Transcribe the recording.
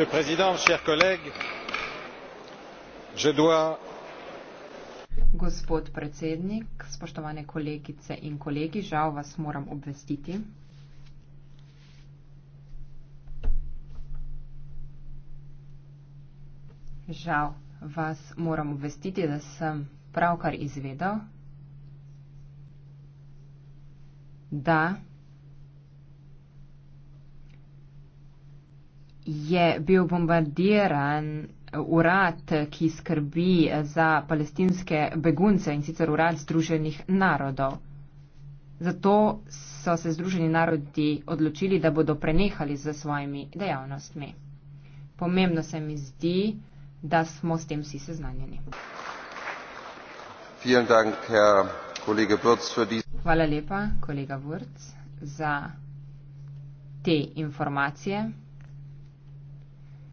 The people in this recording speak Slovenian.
monsieur le président chers collègues je dois gospod predsednik spoštovane kolegice in kolegi žal vas moram obvestiti žal vas moram obvestiti da sem pravkar izvedel da je bil bombardiran urad, ki skrbi za palestinske begunce in sicer urad Združenih narodov. Zato so se Združeni narodi odločili, da bodo prenehali z svojimi dejavnostmi. Pomembno se mi zdi, da smo s tem vsi seznanjeni. Hvala lepa, kolega Vrc, za te informacije.